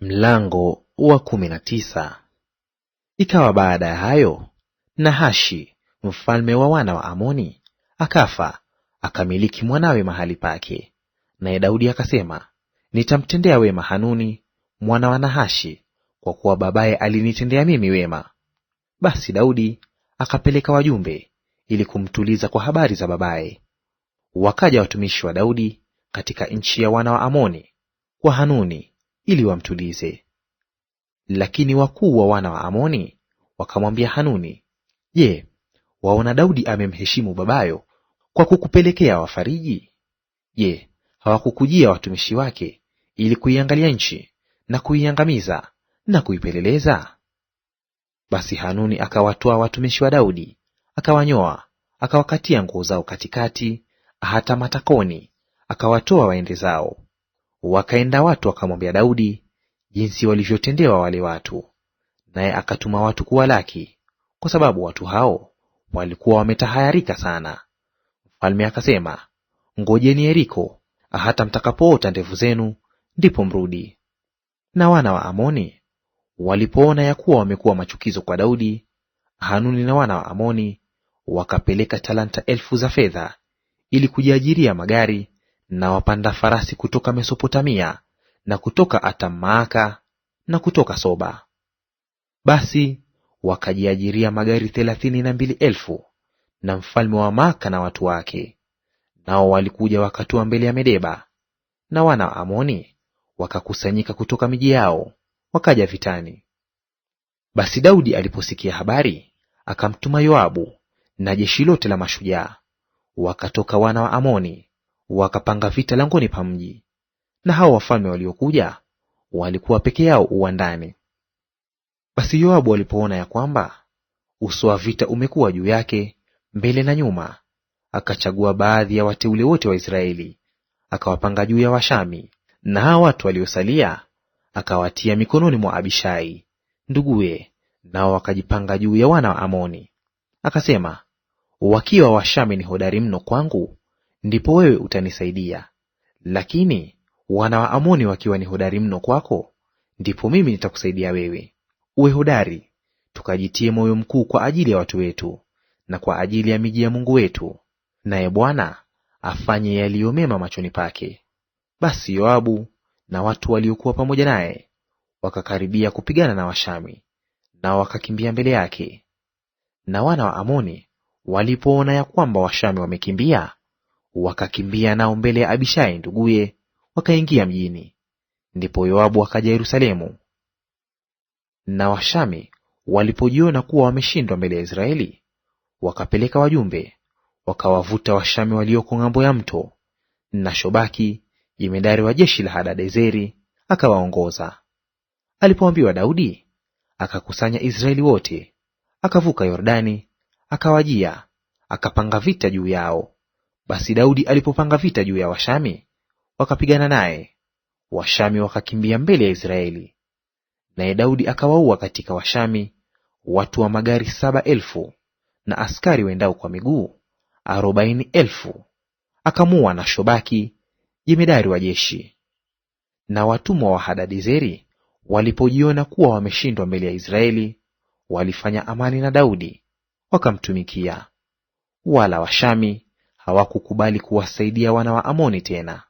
Mlango wa kumi na tisa. Ikawa baada ya hayo, Nahashi mfalme wa wana wa Amoni akafa, akamiliki mwanawe mahali pake. Naye Daudi akasema, nitamtendea wema Hanuni mwana wa Nahashi, kwa kuwa babaye alinitendea mimi wema. Basi Daudi akapeleka wajumbe ili kumtuliza kwa habari za babaye. Wakaja watumishi wa Daudi katika nchi ya wana wa Amoni kwa Hanuni ili wamtulize. Lakini wakuu wa wana wa Amoni wakamwambia Hanuni, Je, waona Daudi amemheshimu babayo kwa kukupelekea wafariji? Je, hawakukujia watumishi wake ili kuiangalia nchi na kuiangamiza na kuipeleleza? Basi Hanuni akawatoa watumishi wa Daudi, akawanyoa, akawakatia nguo zao katikati hata matakoni, akawatoa waende zao. Wakaenda watu wakamwambia Daudi jinsi walivyotendewa wale watu, naye akatuma watu kuwalaki, kwa sababu watu hao walikuwa wametahayarika sana. Mfalme akasema, ngojeni Yeriko hata mtakapoota ndevu zenu, ndipo mrudi. Na wana wa Amoni walipoona ya kuwa wamekuwa machukizo kwa Daudi, Hanuni na wana wa Amoni wakapeleka talanta elfu za fedha ili kujiajiria magari na wapanda farasi kutoka Mesopotamia na kutoka Atammaaka na kutoka Soba. Basi wakajiajiria magari thelathini na mbili elfu na mfalme wa Maaka na watu wake, nao walikuja wakatua mbele ya Medeba, na wana wa Amoni wakakusanyika kutoka miji yao wakaja vitani. Basi Daudi aliposikia habari, akamtuma Yoabu na jeshi lote la mashujaa. Wakatoka wana wa Amoni wakapanga vita langoni pa mji, na hao wafalme waliokuja walikuwa peke yao uwandani. Basi Yoabu alipoona ya kwamba uso wa vita umekuwa juu yake mbele na nyuma, akachagua baadhi ya wateule wote wa Israeli akawapanga juu ya Washami, na hao watu waliosalia akawatia mikononi mwa Abishai nduguye, nao wakajipanga juu ya wana wa Amoni. Akasema, wakiwa Washami ni hodari mno kwangu ndipo wewe utanisaidia. Lakini wana wa Amoni wakiwa ni hodari mno kwako, ndipo mimi nitakusaidia wewe. Uwe hodari, tukajitie moyo mkuu kwa ajili ya watu wetu na kwa ajili ya miji ya Mungu wetu, naye Bwana afanye yaliyo mema machoni pake. Basi Yoabu na watu waliokuwa pamoja naye wakakaribia kupigana na Washami, nao wakakimbia mbele yake. Na wana wa Amoni walipoona ya kwamba Washami wamekimbia, Wakakimbia nao mbele ya Abishai nduguye, wakaingia mjini. Ndipo Yoabu akaja Yerusalemu. Na Washami walipojiona kuwa wameshindwa mbele ya Israeli, wakapeleka wajumbe wakawavuta Washami walioko ng'ambo ya mto, na Shobaki jemedari wa jeshi la Hadadezeri akawaongoza. Alipoambiwa Daudi, akakusanya Israeli wote, akavuka Yordani, akawajia, akapanga vita juu yao. Basi Daudi alipopanga vita juu ya Washami, wakapigana naye, Washami wakakimbia mbele ya Israeli. Naye Daudi akawaua katika Washami watu wa magari saba elfu na askari wendao kwa miguu arobaini elfu akamuua na Shobaki jemedari wa jeshi. Na watumwa wa hadadizeri walipojiona kuwa wameshindwa mbele ya Israeli, walifanya amani na Daudi wakamtumikia. Wala Washami hawakukubali kuwasaidia wana wa Amoni tena.